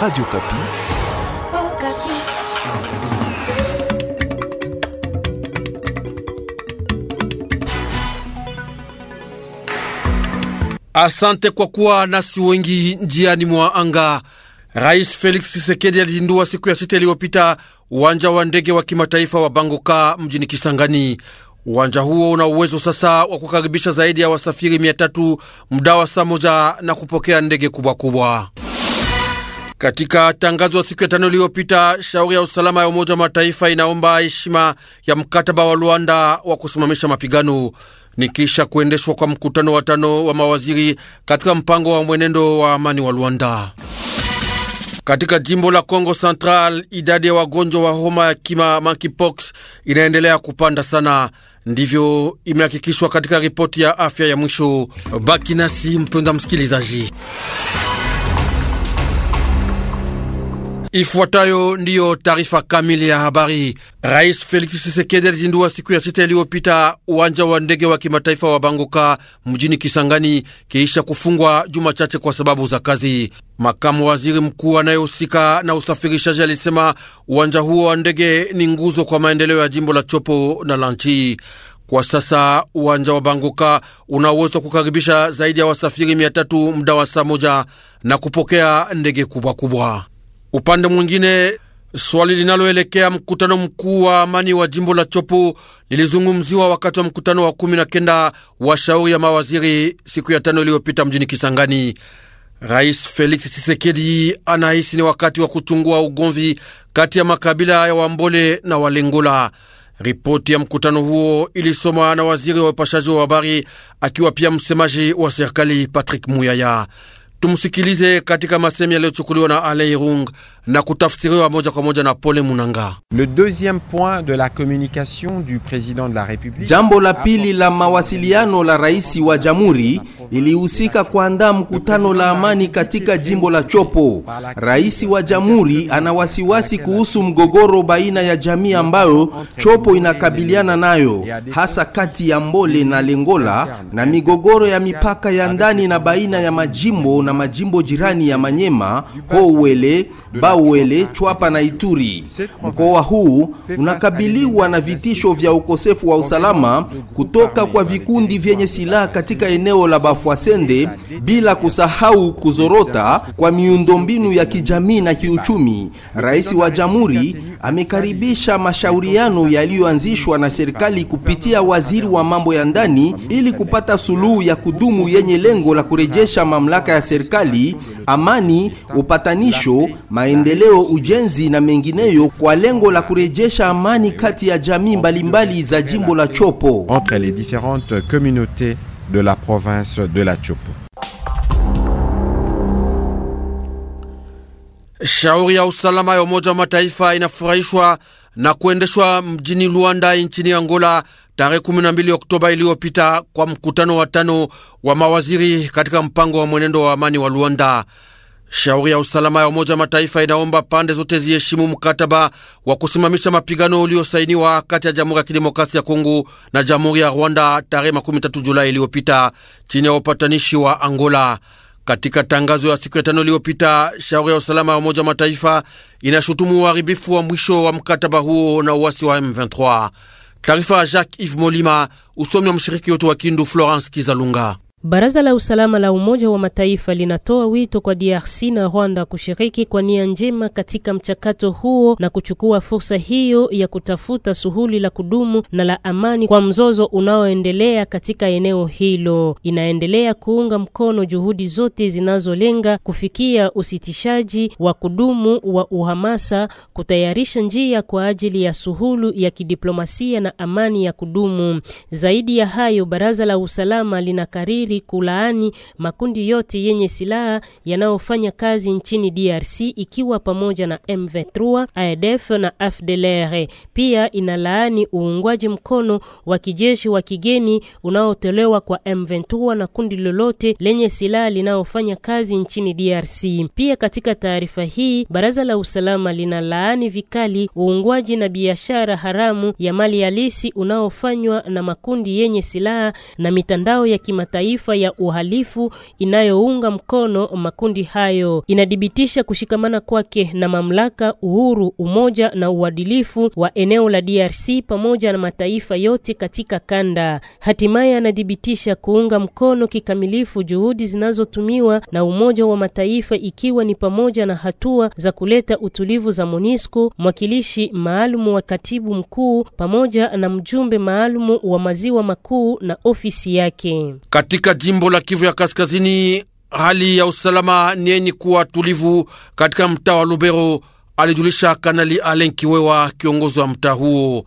Radio Kapi. Oh, Kapi. Asante kwa kuwa nasi wengi njiani mwa anga. Rais Felix Tshisekedi alizindua siku ya sita iliyopita uwanja wa ndege wa kimataifa wa Bangoka mjini Kisangani. Uwanja huo una uwezo sasa wa kukaribisha zaidi ya wasafiri mia tatu muda wa saa moja na kupokea ndege kubwa kubwa. Katika tangazo siku ya tano iliyopita, shauri ya usalama ya Umoja wa Mataifa inaomba heshima ya mkataba wa Luanda wa kusimamisha mapigano ni kisha kuendeshwa kwa mkutano wa tano wa mawaziri katika mpango wa mwenendo wa amani wa Luanda. Katika jimbo la congo Central, idadi ya wagonjwa wa homa ya kima monkeypox inaendelea kupanda sana. Ndivyo imehakikishwa katika ripoti ya afya ya mwisho. Baki nasi mpenda msikilizaji. Ifuatayo ndiyo taarifa kamili ya habari. Rais Felix Tshisekedi alizindua siku ya sita iliyopita uwanja wa ndege wa kimataifa wa Bangoka mjini Kisangani, kiisha kufungwa juma chache kwa sababu za kazi. Makamu waziri mkuu anayehusika na usafirishaji alisema uwanja huo wa ndege ni nguzo kwa maendeleo ya jimbo la Chopo na la nchi. Kwa sasa uwanja wa Bangoka una uwezo kukaribisha zaidi ya wasafiri mia tatu muda wa saa moja na kupokea ndege kubwa kubwa. Upande mwingine, swali linaloelekea mkutano mkuu wa amani wa jimbo la Chopo lilizungumziwa wakati wa mkutano wa kumi na kenda wa shauri ya mawaziri siku ya tano iliyopita mjini Kisangani. Rais Felix Tshisekedi anahisi ni wakati wa kuchungua ugomvi kati ya makabila ya Wambole na Walengola. Ripoti ya mkutano huo ilisoma na waziri wa upashaji wa habari akiwa pia msemaji wa serikali Patrick Muyaya. Tumsikilize katika masemi yaliyochukuliwa na Alain Rung na kutafsiriwa moja kwa moja na Pole Munanga. Le deuxième point de la communication du président de la République. Jambo la pili la mawasiliano la rais wa jamhuri ilihusika kuandaa mkutano la amani katika jimbo la Chopo. Rais wa jamhuri ana wasiwasi kuhusu mgogoro baina ya jamii ambayo Chopo inakabiliana nayo, hasa kati ya Mbole na Lengola na migogoro ya mipaka ya ndani na baina ya majimbo na majimbo jirani ya Manyema, Howele, Ba Kawele, Chwapa na Ituri. Mkoa huu unakabiliwa na vitisho vya ukosefu wa usalama kutoka kwa vikundi vyenye silaha katika eneo la bafwasende bila kusahau kuzorota kwa miundombinu ya kijamii na kiuchumi. Rais wa Jamhuri amekaribisha mashauriano yaliyoanzishwa na serikali kupitia waziri wa mambo ya ndani ili kupata suluhu ya kudumu yenye lengo la kurejesha mamlaka ya serikali, amani, upatanisho, maendeleo maendeleo, ujenzi na mengineyo kwa lengo la kurejesha amani kati ya jamii mbalimbali za jimbo la Chopo. Entre les différentes communautés de la province de la Chopo. Shauri ya usalama ya Umoja wa Mataifa inafurahishwa na kuendeshwa mjini Luanda nchini Angola tarehe 12 Oktoba iliyopita kwa mkutano wa tano wa mawaziri katika mpango wa mwenendo wa amani wa Luanda. Shauri ya usalama ya Umoja Mataifa inaomba pande zote ziheshimu mkataba wa kusimamisha mapigano uliosainiwa kati ya Jamhuri ya Kidemokrasia ya Kongo na Jamhuri ya Rwanda tarehe 13 Julai iliyopita chini ya upatanishi wa Angola. Katika tangazo ya siku ya tano iliyopita, shauri ya usalama ya Umoja Mataifa inashutumu uharibifu wa mwisho wa mkataba huo na uasi wa M23. Taarifa ya Jacques Yves Molima, usomi wa mshiriki wetu wa Kindu Florence Kizalunga. Baraza la usalama la Umoja wa Mataifa linatoa wito kwa DRC na Rwanda kushiriki kwa nia njema katika mchakato huo na kuchukua fursa hiyo ya kutafuta suhuli la kudumu na la amani kwa mzozo unaoendelea katika eneo hilo. Inaendelea kuunga mkono juhudi zote zinazolenga kufikia usitishaji wa kudumu wa uhamasa, kutayarisha njia kwa ajili ya suhulu ya kidiplomasia na amani ya kudumu. Zaidi ya hayo, Baraza la usalama linakariri ili kulaani makundi yote yenye silaha yanayofanya kazi nchini DRC ikiwa pamoja na M23, ADF na FDLR. Pia inalaani uungwaji mkono wa kijeshi wa kigeni unaotolewa kwa M23 na kundi lolote lenye silaha linalofanya kazi nchini DRC. Pia katika taarifa hii, baraza la usalama linalaani vikali uungwaji na biashara haramu ya mali halisi unaofanywa na makundi yenye silaha na mitandao ya kimataifa kimataifa ya uhalifu inayounga mkono makundi hayo. Inadhibitisha kushikamana kwake na mamlaka, uhuru, umoja na uadilifu wa eneo la DRC pamoja na mataifa yote katika kanda. Hatimaye anadhibitisha kuunga mkono kikamilifu juhudi zinazotumiwa na Umoja wa Mataifa ikiwa ni pamoja na hatua za kuleta utulivu za MONUSCO, mwakilishi maalum wa katibu mkuu pamoja na mjumbe maalum wa maziwa makuu na ofisi yake katika katika jimbo la Kivu ya Kaskazini, hali ya usalama ni yenye kuwa tulivu katika mtaa wa Lubero, alijulisha Kanali Alen Kiwewa, kiongozi wa mtaa huo.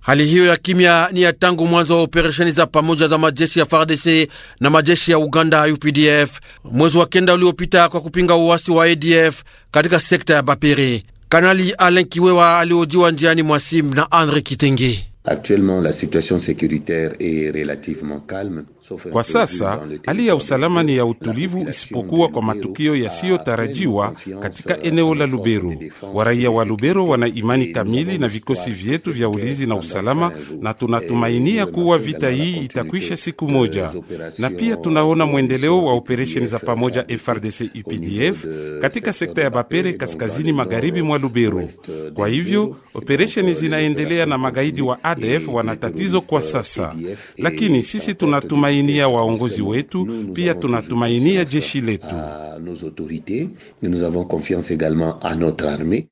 Hali hiyo ya kimya ni ya tangu mwanzo wa operesheni za pamoja za majeshi ya FARDC na majeshi ya Uganda UPDF mwezi wa kenda uliopita kwa kupinga uwasi wa ADF katika sekta ya Bapere. Kanali Alen Kiwewa aliojiwa njiani mwasim na Andre Kitenge. Actuellement la situation securitaire est relativement calme. Kwa sasa hali ya usalama ni ya utulivu, isipokuwa kwa matukio yasiyotarajiwa katika eneo la Lubero. Waraia wa Lubero wana imani kamili na vikosi vyetu vya ulinzi na usalama, na tunatumainia kuwa vita hii itakwisha siku moja, na pia tunaona mwendeleo wa operesheni za pamoja FRDC UPDF e katika sekta ya Bapere, kaskazini magharibi mwa Lubero. Kwa hivyo operesheni zinaendelea na magaidi wa ADF wana tatizo kwa sasa, e lakini sisi tunatumaini tunatumainia waongozi wetu, pia tunatumainia jeshi letu.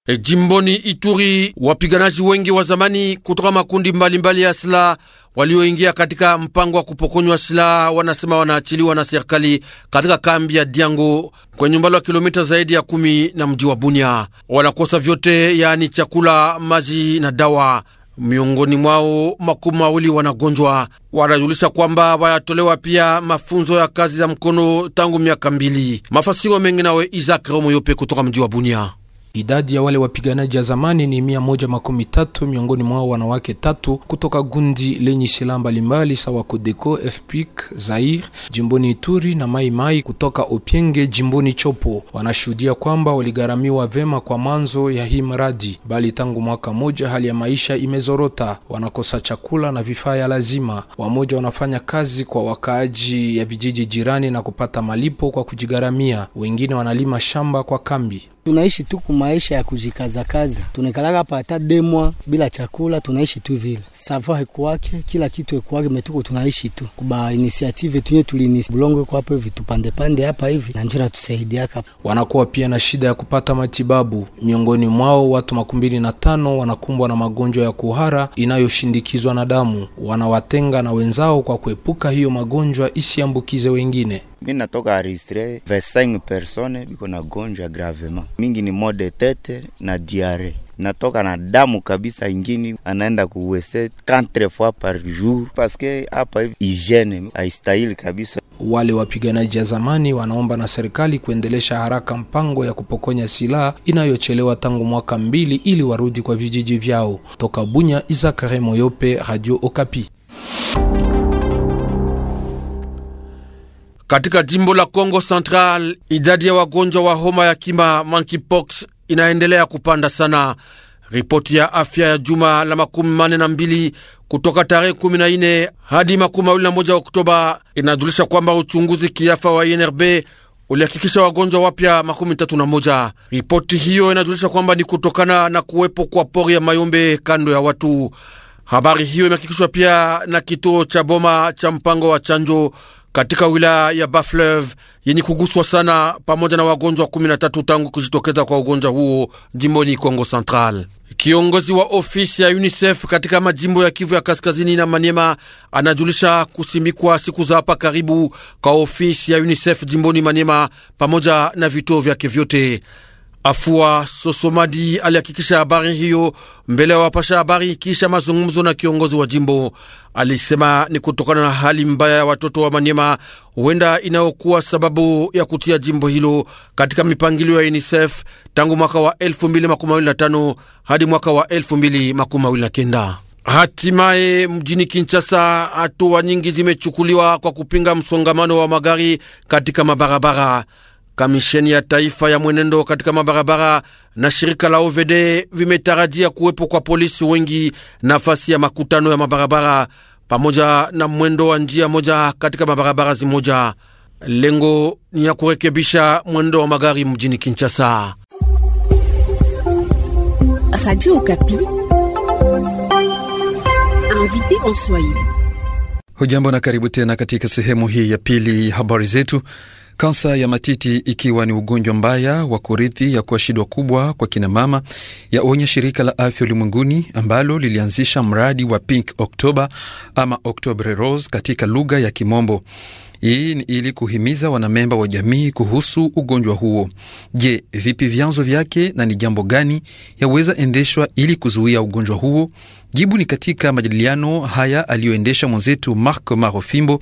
E, jimboni Ituri, wapiganaji wengi wa zamani kutoka makundi mbalimbali ya silaha walioingia katika mpango wa kupokonywa silaha wanasema wanaachiliwa na serikali katika kambi ya Diango kwenye umbali wa kilomita zaidi ya kumi na mji wa Bunia. Wanakosa vyote, yaani chakula, maji na dawa miongoni mwao makumi mawili wanagonjwa. Wanajulisha kwamba wayatolewa pia mafunzo ya kazi za mkono tangu miaka mbili. Mafasiro mengi nawe Isak Romoyope kutoka mji wa Bunia. Idadi ya wale wapiganaji ya zamani ni mia moja makumi tatu, miongoni mwao wanawake tatu kutoka gundi lenye silaha mbalimbali sawa Kodeko, FPIC, Zair jimboni Ituri na Mai Mai kutoka Opienge jimboni Chopo. Wanashuhudia kwamba waligharamiwa vema kwa manzo ya hii mradi, bali tangu mwaka moja hali ya maisha imezorota, wanakosa chakula na vifaa ya lazima. Wamoja wanafanya kazi kwa wakaaji ya vijiji jirani na kupata malipo kwa kujigharamia, wengine wanalima shamba kwa kambi tunaishi tu ku maisha ya kujikazakaza, tunakalaka hapa hata demwa bila chakula, tunaishi tu vile savoir kwake kila kitu ekwake metuko, tunaishi tu kuba inisiative tunye tulini bulongo kwa hapo hivi tupande pande hapa hivi, na njoo natusaidiaka. Wanakuwa pia na shida ya kupata matibabu, miongoni mwao watu makumi mbili na tano wanakumbwa na magonjwa ya kuhara inayoshindikizwa na damu, wanawatenga na wenzao kwa kuepuka hiyo magonjwa isiambukize wengine. Mi natoka aristre 25 persone biko na gonjwa gravema, mingi ni mode tete na diare natoka na damu kabisa, ingini anaenda kuwese 4 fois par jour, paske hapa hivi hygiene haistahili kabisa. Wale wapiganaji ya zamani wanaomba na serikali kuendelesha haraka mpango ya kupokonya silaha inayochelewa tangu mwaka mbili ili warudi kwa vijiji vyao. Toka Bunya, Isaac moyope Radio Okapi. Katika jimbo la Kongo Central, idadi ya wagonjwa wa homa ya kima monkeypox inaendelea kupanda sana. Ripoti ya afya ya juma la makumi mane na mbili kutoka tarehe 14 hadi makumi mawili na moja Oktoba inajulisha kwamba uchunguzi kiafa wa INRB ulihakikisha wagonjwa wapya makumi tatu na moja. Ripoti hiyo inajulisha kwamba ni kutokana na kuwepo kwa pori ya mayombe kando ya watu. Habari hiyo imehakikishwa pia na kituo cha Boma cha mpango wa chanjo katika wilaya ya Baflev yenye kuguswa sana pamoja na wagonjwa 13 tangu kujitokeza kwa ugonjwa huo jimboni Kongo Central. Kiongozi wa ofisi ya UNICEF katika majimbo ya Kivu ya Kaskazini na Maniema anajulisha kusimikwa siku za hapa karibu kwa ofisi ya UNICEF jimboni Maniema pamoja na vituo vyake vyote. Afua Sosomadi alihakikisha habari hiyo mbele ya wapasha habari kisha mazungumzo na kiongozi wa jimbo. Alisema ni kutokana na hali mbaya ya watoto wa Manyema huenda inayokuwa sababu ya kutia jimbo hilo katika mipangilio ya UNICEF tangu mwaka wa 2025 hadi mwaka wa 2029. Hatimaye mjini Kinshasa, hatua nyingi zimechukuliwa kwa kupinga msongamano wa magari katika mabarabara. Kamisheni ya Taifa ya mwenendo katika mabarabara na shirika la OVD vimetarajia kuwepo kwa polisi wengi nafasi ya makutano ya mabarabara pamoja na mwendo wa njia moja katika mabarabara zimoja. Lengo ni ya kurekebisha mwendo wa magari mjini Kinshasa. Radio Okapi. Hujambo na karibu tena katika sehemu hii ya pili habari zetu. Kansa ya matiti ikiwa ni ugonjwa mbaya wa kurithi ya kuwa shida kubwa kwa kinamama mama, ya shirika la afya ulimwenguni ambalo lilianzisha mradi wa Pink October ama October Rose katika lugha ya Kimombo. Hii ni ili kuhimiza wanamemba wa jamii kuhusu ugonjwa huo. Je, vipi vyanzo vyake na ni jambo gani yaweza endeshwa ili kuzuia ugonjwa huo? Jibu ni katika majadiliano haya aliyoendesha mwenzetu Mark Marofimbo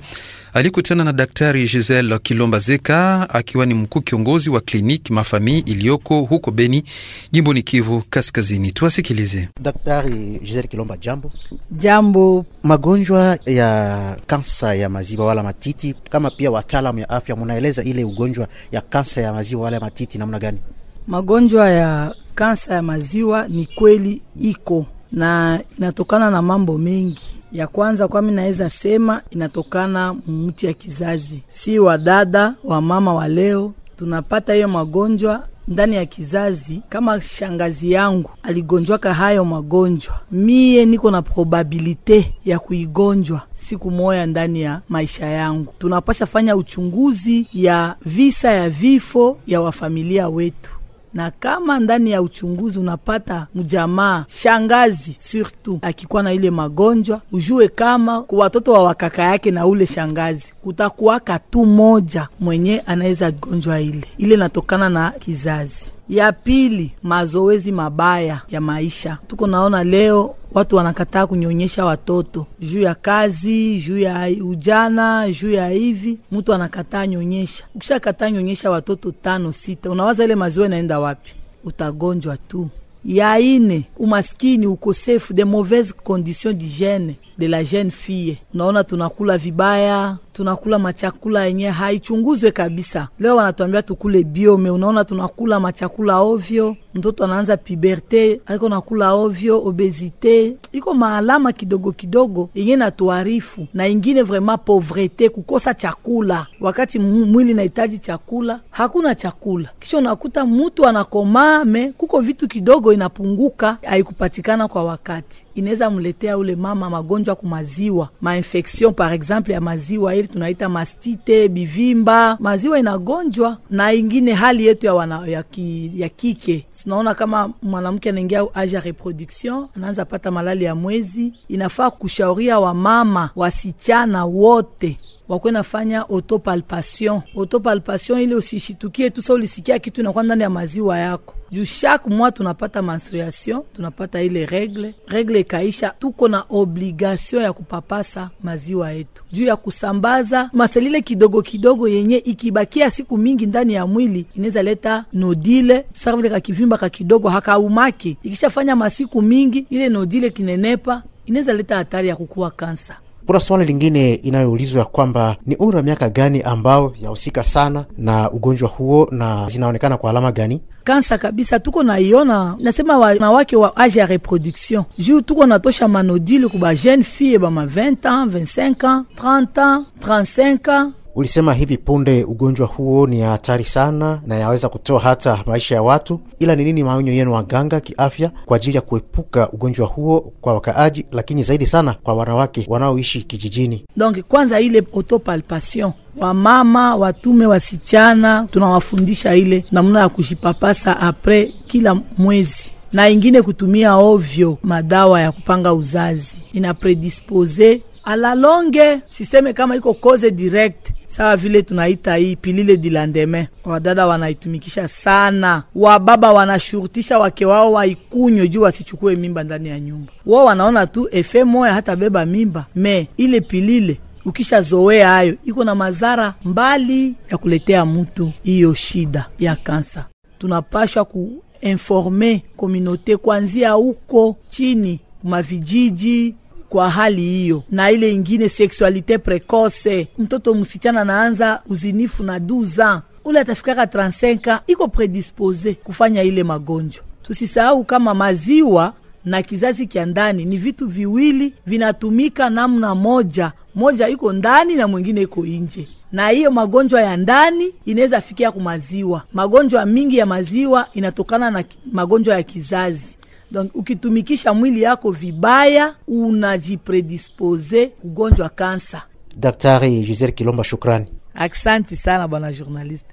aliyekutana na Daktari Giselle Kilombazeka akiwa ni mkuu kiongozi wa kliniki Mafamii iliyoko huko Beni, jimbo ni Kivu Kaskazini. Tuwasikilize. Daktari Giselle Kilomba, jambo. Jambo. Magonjwa ya kansa ya maziwa wala matiti, kama pia wataalamu ya afya, munaeleza ile ugonjwa ya kansa ya maziwa wala matiti namna gani? Magonjwa ya kansa ya maziwa ni kweli iko na inatokana na mambo mengi. Ya kwanza kwami naweza sema inatokana mti ya kizazi, si wa dada wa mama wa leo tunapata hiyo magonjwa ndani ya kizazi. Kama shangazi yangu aligonjwaka hayo magonjwa, mie niko na probabilite ya kuigonjwa siku moya ndani ya maisha yangu. Tunapasha fanya uchunguzi ya visa ya vifo ya wafamilia wetu na kama ndani ya uchunguzi unapata mjamaa shangazi surtout akikuwa na ile magonjwa, ujue kama kwa watoto wa wakaka yake na ule shangazi kutakuwaka tu moja mwenye anaweza gonjwa ile ile, natokana na kizazi. Ya pili, mazoezi mabaya ya maisha. Tuko naona leo watu wanakataa kunyonyesha watoto juu ya kazi, juu ya ujana, juu ya hivi, mtu anakataa nyonyesha. Ukishakataa nyonyesha watoto tano sita, unawaza ile maziwa inaenda wapi? Utagonjwa tu. Ya ine, umaskini, ukosefu de mauvaise condition d'hygiene de la jeune fille. Unaona tunakula vibaya, tunakula machakula yenye haichunguzwe kabisa. Leo wanatuambia tukule biome, unaona tunakula machakula ovyo, mtoto anaanza piberte aiko nakula ovyo, obezite iko maalama kidogo kidogo yenye natuarifu, na ingine vraiment povrete, kukosa chakula wakati mwili nahitaji chakula, hakuna chakula. Kisha unakuta mutu anakomaa me kuko vitu kidogo inapunguka, haikupatikana kwa wakati, inaweza mletea ule mama magonjwa kumaziwa, mainfection par exemple ya maziwa Kiswahili tunaita mastite, bivimba, maziwa inagonjwa na ingine hali yetu ya, wana, ya, ki, ya kike. Tunaona kama mwanamke anaingia age ya reproduction anaanza pata malali ya mwezi. Inafaa kushauria wamama wasichana wote wakwe nafanya autopalpation. Autopalpation ile usishitukie tu, sa ulisikia kitu inakuwa ndani ya maziwa yako juu chaque mois tunapata menstruation, tunapata ile regle, regle ikaisha, tuko na obligation ya kupapasa maziwa yetu juu ya kusambaza maselile kidogo kidogo, yenye ikibakia siku mingi ndani ya mwili inaweza leta nodile ka kivimba ka kidogo hakaumaki, ikishafanya masiku mingi ile nodile kinenepa, inaweza leta hatari ya kukua kansa. Kuna swali lingine inayoulizwa ya kwamba ni umri wa miaka gani ambao yahusika sana na ugonjwa huo na zinaonekana kwa alama gani? Kansa kabisa tuko naiona, nasema wanawake wa age ya reproduction juu tuko natosha manodile kuba jeune fille bama 20 ans 25 ans 30 ans 35 ans Ulisema hivi punde ugonjwa huo ni hatari sana na yaweza kutoa hata maisha ya watu, ila ni nini maonyo yenu waganga kiafya kwa ajili ya kuepuka ugonjwa huo kwa wakaaji, lakini zaidi sana kwa wanawake wanaoishi kijijini? Donc kwanza ile autopalpation wamama watume wasichana, tunawafundisha ile namna ya kushipapasa apres kila mwezi, na ingine kutumia ovyo madawa ya kupanga uzazi ina predispose alalonge, siseme kama iko cause direct sawa vile tunaita hii pilile di landeme. Wadada wanaitumikisha sana, wababa wanashurutisha wake wao waikunywe juu wasichukue mimba ndani ya nyumba. Wao wanaona tu efe moya hata beba mimba, me ile pilile ukisha zowea hayo iko na madhara mbali ya kuletea mtu hiyo shida ya kansa. Tunapashwa kuinforme komunote kwanzia huko chini kuma vijiji kwa hali hiyo. Na ile ingine seksualite precoce, mtoto msichana naanza uzinifu na duza ule atafikaka 35 iko predispose kufanya ile magonjwa. Tusisahau kama maziwa na kizazi kya ndani ni vitu viwili vinatumika namna moja, moja iko ndani na mwingine iko nje, na hiyo magonjwa ya ndani inaweza fikia kumaziwa. Magonjwa mingi ya maziwa inatokana na magonjwa ya kizazi Donc ukitumikisha mwili yako vibaya, unajipredispose kugonjwa kansa. Daktari Gisele Kilomba, shukrani. Aksanti sana bwana journaliste.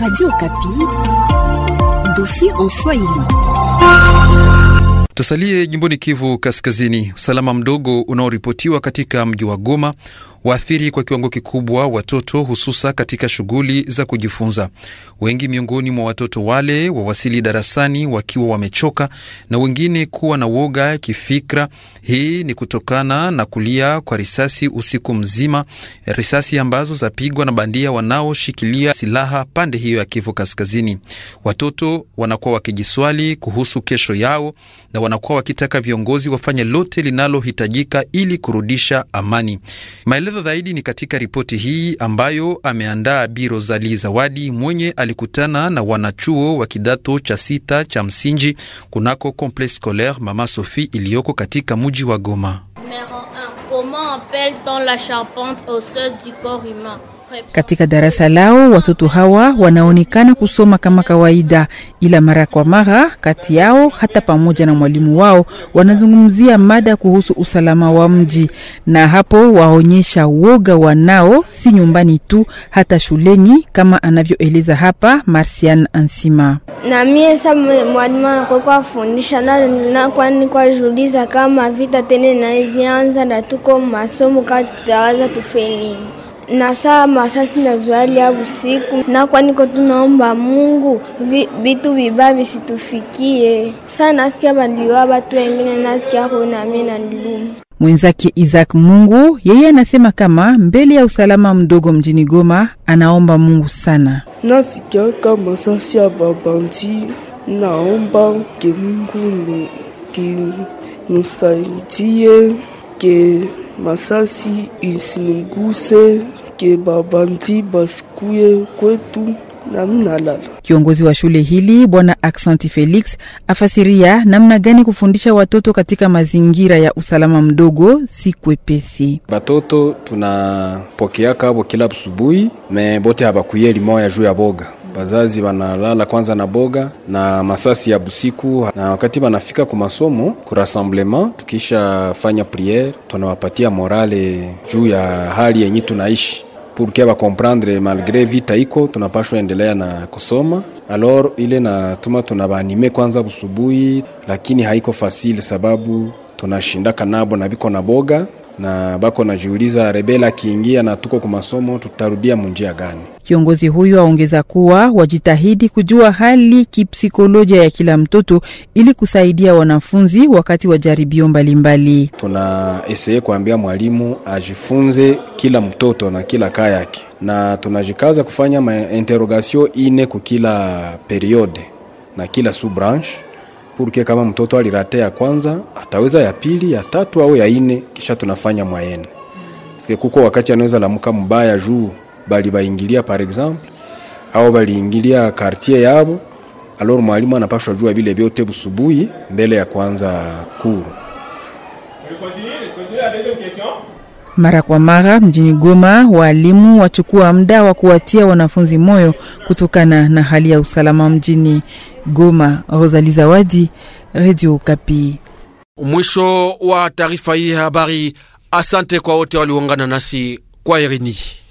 Radio Kapi, dosi en Swahili. Tusalie jimboni Kivu Kaskazini. Usalama mdogo unaoripotiwa katika mji wa Goma waathiri kwa kiwango kikubwa watoto, hususa katika shughuli za kujifunza. Wengi miongoni mwa watoto wale wawasili darasani wakiwa wamechoka na wengine kuwa na woga kifikra. Hii ni kutokana na kulia kwa risasi usiku mzima, risasi ambazo zapigwa na bandia wanaoshikilia silaha pande hiyo ya Kivu Kaskazini. Watoto wanakuwa wakijiswali kuhusu kesho yao na wanakuwa wakitaka viongozi wafanye lote linalohitajika ili kurudisha amani Maelezo maelezo zaidi ni katika ripoti hii ambayo ameandaa Bi Rozali Zawadi mwenye alikutana na wanachuo wa kidato cha sita cha msingi kunako Complexe Scolaire Mama Sophie iliyoko katika mji wa Goma. Katika darasa lao watoto hawa wanaonekana kusoma kama kawaida, ila mara kwa mara kati yao hata pamoja na mwalimu wao wanazungumzia mada kuhusu usalama wa mji, na hapo waonyesha woga wanao, si nyumbani tu, hata shuleni, kama anavyoeleza hapa Marcian Ansima. Na mie sa mwalimu fundisha nakwani kwa juliza kama vita tene naezianza na tuko masomo kaa tutawaza tufenini na saa masasi na zwali ya usiku, na kwa niko tunaomba Mungu vitu viba visitufikie. Saa nasikia baliwa batu wengine, nasikia kuna mimi na niluma Mwenzake Isaac Mungu yeye anasema kama mbele ya usalama mdogo mjini Goma anaomba Mungu sana. kama masasi ya babanti, naomba ke Mungu nisaidie ke masasi isinguse basikuye kwetu Namnalala. Kiongozi wa shule hili Bwana Aksanti Felix afasiria namna gani kufundisha watoto katika mazingira ya usalama mdogo si kwepesi. Batoto tunapokeaka abo kila busubuhi me bote habakuyeli moya juu ya boga bazazi banalala kwanza na boga na masasi ya busiku, na wakati banafika ku masomo ku rassemblement, tukisha fanya priere tunawapatia morale juu ya hali yenye tunaishi purkia bakomprendre malgre vita iko, tunapashwa endelea na kusoma alor, ile natuma tunabanime kwanza busubuhi, lakini haiko fasili sababu tunashindaka nabo na biko na boga na bako najiuliza rebela akiingia na tuko kumasomo tutarudia munjia gani? Kiongozi huyu aongeza kuwa wajitahidi kujua hali kipsikolojia ya kila mtoto ili kusaidia wanafunzi wakati wa jaribio mbalimbali. Tunaeseye kuambia mwalimu ajifunze kila mtoto na kila kaa yake, na tunajikaza kufanya mainterrogatio ine kukila periode na kila sub branche purke kama mtoto alirate ya kwanza ataweza ya pili ya tatu au ya ine, kisha tunafanya mwayene sike. Kuko wakati anaweza lamuka mbaya juu bali baingilia par exemple au baliingilia kartie yabo, alors mwalimu anapashwa jua vile vyote busubuhi mbele ya kwanza kuru mara kwa mara mjini Goma, waalimu wachukua muda wa kuwatia wanafunzi moyo kutokana na hali ya usalama mjini Goma. Rosali Zawadi, Radio Kapi. Mwisho wa taarifa hii ya habari. Asante kwa wote waliungana nasi kwa Irini.